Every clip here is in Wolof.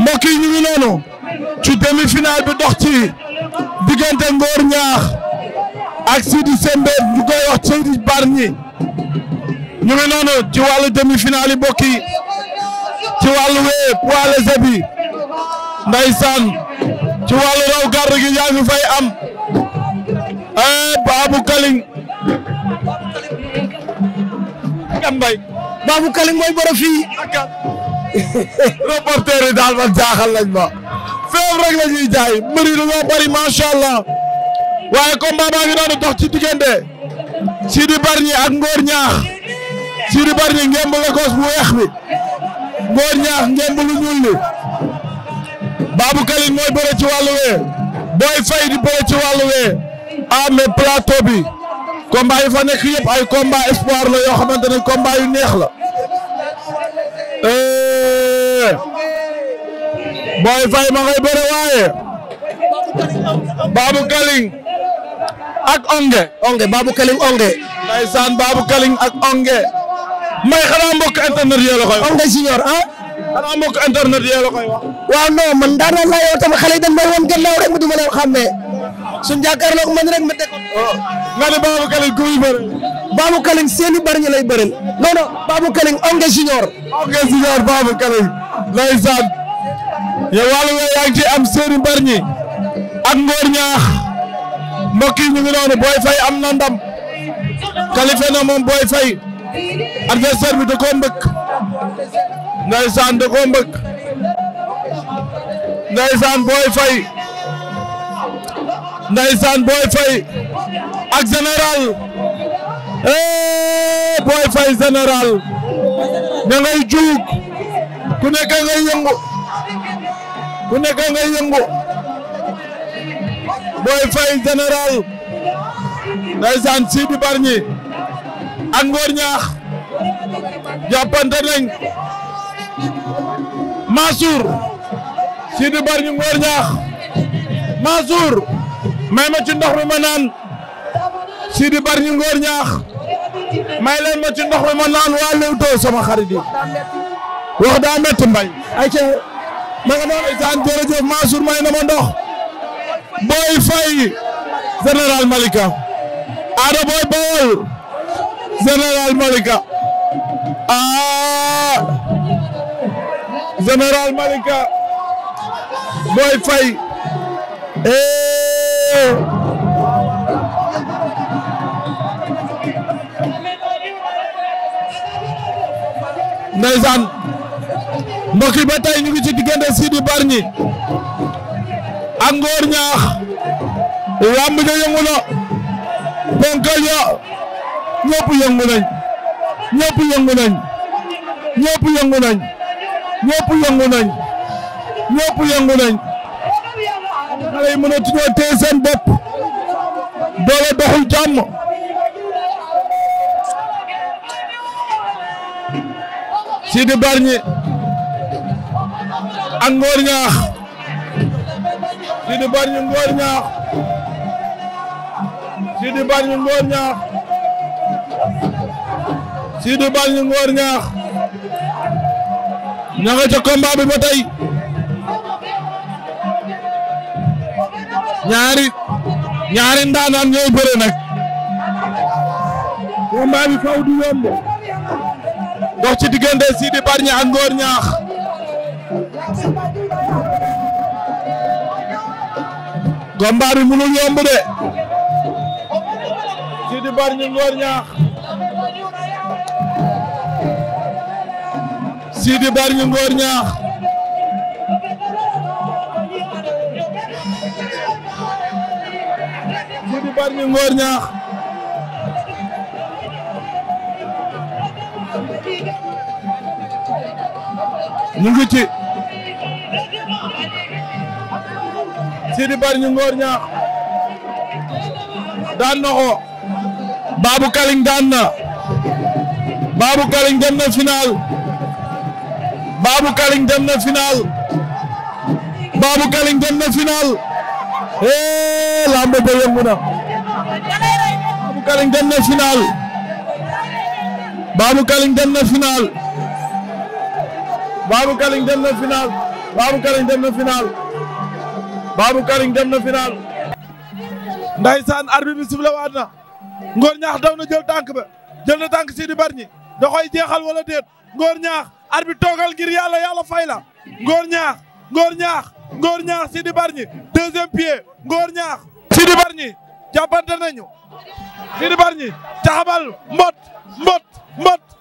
mbokk yi ñu ngi noonu ci demi-finale bi dox ci diggante Ngor Ñaax ak Sidi Sembe ñu koy wax Seydi Bargny ñu ngi noonu ci wàllu demi-finale yi mbokk ci wàllu wee poids léger bi ci wàllu raw gàddu gi yaa fay am eh, Babou Kaling Mbaye Babou Kaling mooy borom fii. reporter yi daal man jaaxal lañ ma. feebar rek la ñuy jaay mbëri dañoo bari macha waaye combat baa ngi doon dox ci diggante. Sidi Bargny ak Ngor Ñaax. Sidi Bargny ngemb Lacoste bu weex bi. Ngor Ñaax ngemb lu ñuul li. Kaling mooy bëre ci wàllu wee. Boy Faye di bëre ci wàllu wee. ah plateau bi. combat yi fa nekk yëpp ay combat espoir la yoo xamante ne combat yu neex la. Eh. Boy ma ngay bëre waaye Babou Kaling ak Ongué Ongué Babou Kaling Ongué ndeysaan Babou Kaling ak Ongué may xanaa mbokk internet yee la koy wax Ongué junior ah xanaa mbokk internet yee la koy wax waaw non man daana la yow tam xale yi dañ may woon gannaaw rek mu du ma leen xàmmee suñu jàkkaarloo ko man rek ma teg oh, nga ne Babou Kaling ku muy bëre Babou Kaling seen i bari ñu lay bëril non non Babou Kaling Ongué Junior. Ongué Junior Babou Kaling ndeysaan yow wàllu nga am seen i ak Ngor ñaax mbokk ñu ngi noonu Boy Faye am na ndam qualifié na moom Boy Faye adversaire bi da koo mbëkk ndeysaan da koo mbëkk ndeysaan Boy Faye ndeysaan ak général. eh Boy général ña ngay juug ku nekk ngay yëngu ku nekk ngay yëngu Boy Faye général ndeysaan Sidi Barñi ak Ngor Ñaax jàppante nañ Mansour Sidi Barñi Ngor Ñaax Mansour may ma ci ndox mi ma naan Sidi Barñi Ngor Ñaax may leen ma ci ndox mi ma naan waa Leewtoo sama xarit yi wax daa métti ay ca ma nga noonu isaan jërëjëf Mansour may na ma Boy Faye général Malika Ada Boy Bawol général Malika aa ah! général Malika Boy Faye eh ndeysaan mbokk yi ba tey ñu ngi ci diggante Sidi Bargny ak Ngor Ñaax lamb ja yëngu na ponkal ya ñëpp yëngu nañ ñëpp yëngu nañ ñëpp yëngu nañ ñëpp yëngu nañ ñëpp yëngu nañ xale yi seen bopp doole doxul jàmm Sidi Bargny ak Ngor Ñaax Sidi Bargny Ngor Ñaax Sidi Bargny Ngor Ñaax Sidi Bargny Ngor Ñaax ña nga ca combat bi ba tey ñaari ñaari ndaanaan ñooy bëre nag combat bi faw du yomb dox ci diggante Sidi Bargny ak Ngor Ñaax combat bi mënul yomb de Sidi Bargny Ngor Ñaax Sidi Bargny Ngor Ñaax Sidi Bargny Ngor Ñaax ñu ngi ci Sidi Bar ñu ngoor ñaax daan na ko Kaling daan na Babou Kaling Kaling dem na final Babou Kaling dem na final ba yëngu na Babou Kaling dem na final Babou Kaling dem na final Babou Kaling dem na final Babou Kaling dem na final Babou Kaling dem na final. Ndeysaan arbitre bi sifflé waat na Ngor ñaax daw na jël tànk ba jël na tànk si di bari ñi da koy jeexal wala déet Ngor ñaax arbitre toogal ngir yàlla yàlla fay la ñaax Ngor ñaax Ngor ñaax si di ñi deuxième pied Ngor ñaax si di ñi jàppante nañu si di ñi caxabal mbot mbot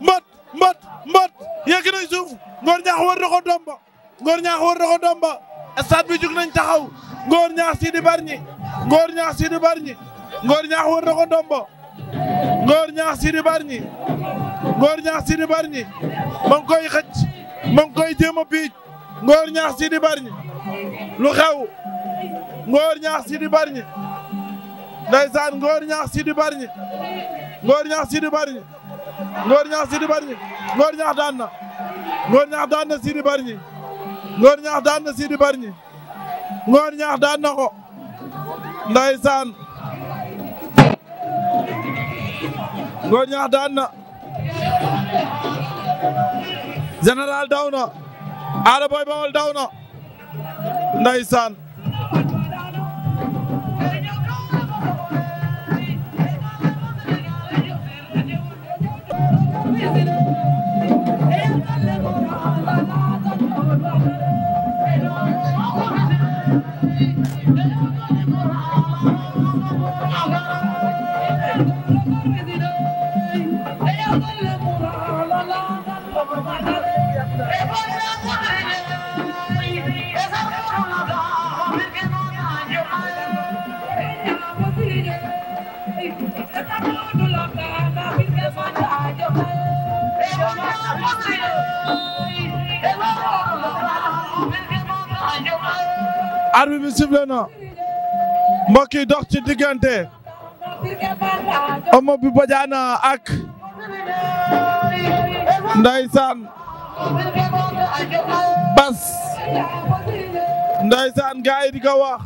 mbot. mbot mbot yegg nañ suuf Ngor Ñaax war na ko domba Ngor Ñaax war na ko domba stade bi jug nañ taxaw Ngor Ñaax Sidi Bargny Ngor Ñaax Sidi Bargny Ngor Ñaax war na ko domba Ngor Ñaax Sidi Bargny Ngor Ñaax Sidi Bargny ma ngi koy xëcc ma ngi koy jéem a piic Ngor Ñaax Sidi Bargny lu xew Ngor Ñaax Sidi Bargny ndeysaan Ngor Ñaax Sidi Bargny Ngor Ñaax Sidi Bargny Ngor Ñaax Sidi Bargny Ngor Ñaax daan na Ngor Ñaax daan na Sidi Bargny Ngor Ñaax daan na Sidi Bargny Ngor Ñaax daan daan na Général daw na Ada Boy Bawol daw na ndeysaan arbitre bi sifflé na mbokk dox ci diggante Omo bi Badiana ak Ndaysaan Bas Ndaysaan gaa yi di ko wax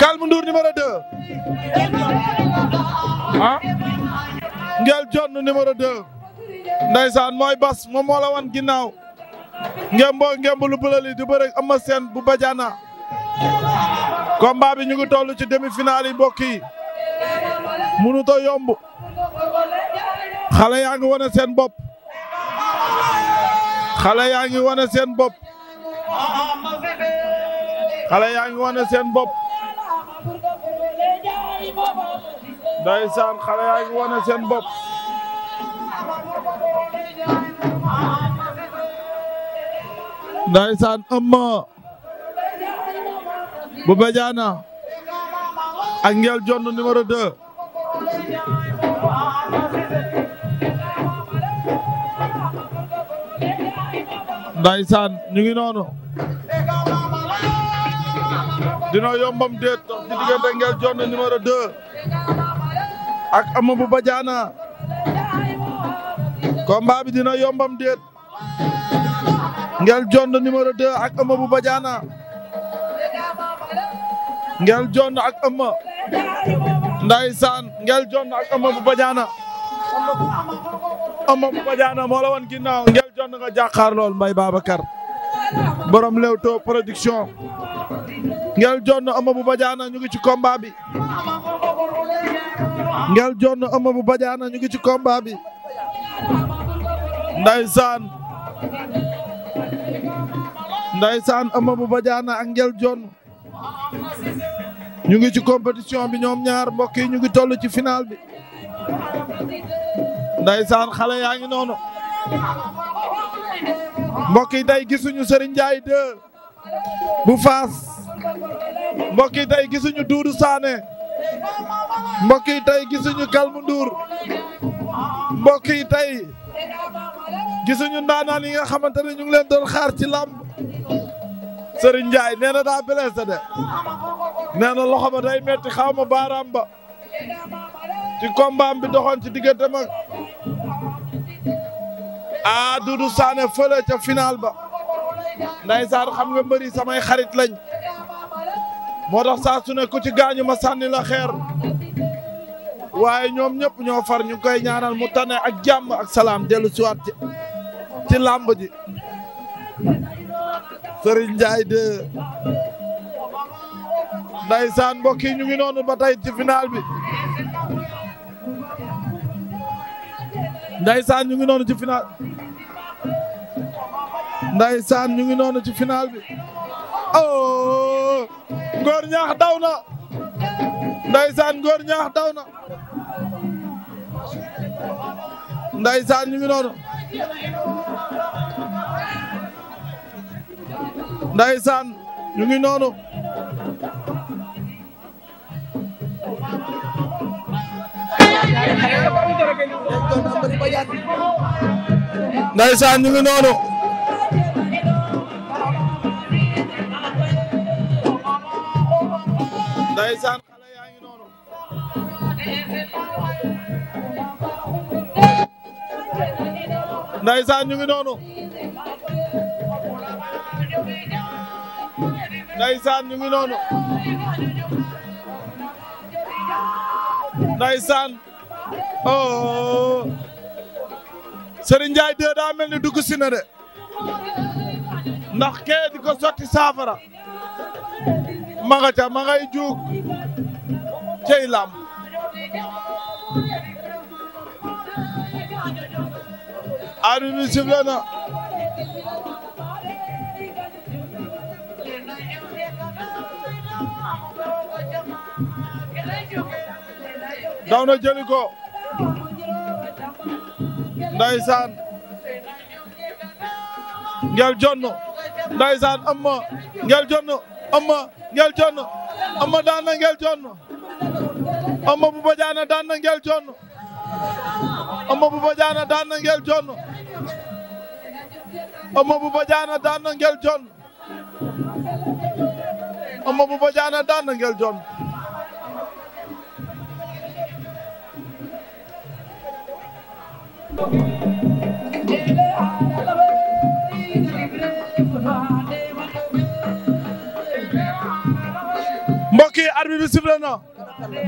Calme Ndour numéro 2 ah? mooy Bas moom moo la wan ginnaaw ngem boo ngemb lu bële li di bëre Eumeu Sène bu Badiana combat bi ñu ngi toll ci demi-finale yi mbokk yi mënut yomb xale yaa ngi wane seen bopp xale yaa ngi wane seen bopp xale yaa ngi wane seen bopp ndeysaan xale yaa ngi wane seen bopp ndaysaan Amma bu Badiana ak Ngel Jonn numéro 2 ndaysaan ñu ngi noonu dina yombam déet dox ci diggante Ngel Jonn numéro 2 ak Amma bu Badiana combat bi dina yombam déet Ngel John numéro 2 ak Eumeu bu Badiana Ngel John ak Eumeu ndaysaan Ngel John ak Eumeu bu Badiana Eumeu bu Badiana moo la woon ginnaaw Ngel John nga jàkkaar lool Mbaye Babacar borom Leewtoo production Ngel John Eumeu bu ñu ngi ci combat bi Ngel John Eumeu bu ñu ngi ci combat bi ndaysaan Amadou Badiane ak Ngel jon ñu ngi ci compétition bi ñoom ñaar mbokk yi ñu ngi toll ci final bi ndaysaan xale yaa ngi noonu mbokk yi tey gisuñu Serigne Ndiaye 2 bu Faas mbokk yi tey gisuñu Doudou Sané mbokk yi tey gisuñu Kalmu Ndour yi tey gisuñu ndaanaan yi nga xamante ne ñu ngi leen doon xaar ci làmb Serigne Ndiaye nee na daa blessé de nee na loxo ba day metti xaw ma baaraam ba ci combat bi doxoon ci diggante mag a Doudou Sané fële ca final ba ndeysaan xam nga mbëri samay xarit lañ moo tax saa su ne ku ci gaañu ma sànni la xeer waaye ñoom ñëpp ñoo far ñu koy ñaanal mu tane ak jàmm ak salaam dellu siwaat ci làmb ji Serigne Ndiaye de ndaysaan yi ñu ngi noonu ba tey ci final ndaysaan ñu ngi noonu ci final ndaysaan ñu ngi noonu ci final bi oh Ngor Ñaax daw na ndaysaan Ngor Ñaax daw na ndaysaan ñu ngi noonu ndaysaan ñu ngi noonu ñu ngi noonu ndaysaan xale noonu Ndeysaan ñu ngi noonu Ndeysaan oh Serigne Ndiaye deux daa mel ni dugg si na de ndax kee di ko sotti saafara ma nga ca ma ngay juug cey làmb adduna na daw na jëli ko ndaysaan ngel jonno ndaysaan amma ngel jonno amma ngel jonno amma daan na ngel jonno amma bu bajaana daan na ngel jonno amma bu bajaana daan na ngel jonno amma bu bajaana daan na ngel jonno Amadou Badiane daan na Nguel Dione mbokk yi bi sifflé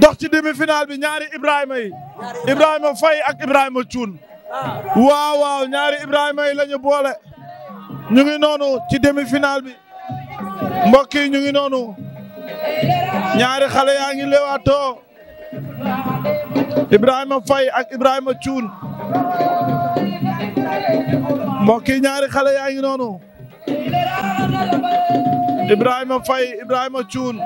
dox ci demi bi ñaari Ibrahima yi Ibrahima Faye ak Ibrahima Thioune waaw waaw ñaari Ibrahima yi la boole ñu ngi noonu ci demi bi mbokk yi ñu ngi noonu ñaari xale yaa ngi leewaatoo Ibrahima Faye ak Ibrahima Thioune mbokk yi ñaari xale yaa ngi noonu Ibrahima Faye Ibrahima Thioune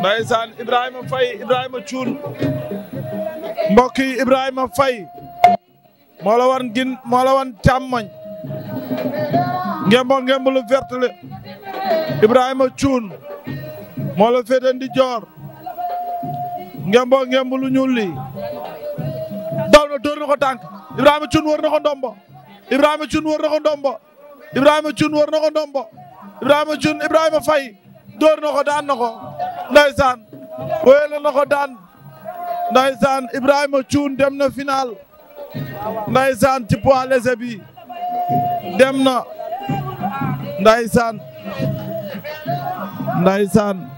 ndaysaan Ibrahima Faye Ibrahima Thioune mbokk yi càmmoñ ngemboo ngemb lu vert le Ibrahima Thioune moo la féete ndi joor ngemboo ngemb lu ñuul li daw na dóor na ko tànk Ibrahima Thioune wër na ko ndombo Ibrahima Thioune wër na ko ndombo Ibrahima Thioune wër na ko ndombo Ibrahima Thioune Ibrahima Faye dóor na daan na ko ndaysaan wéyal na dem na final ndaysaan ci poids léger bi dem na Ndeysaan Ndeysaan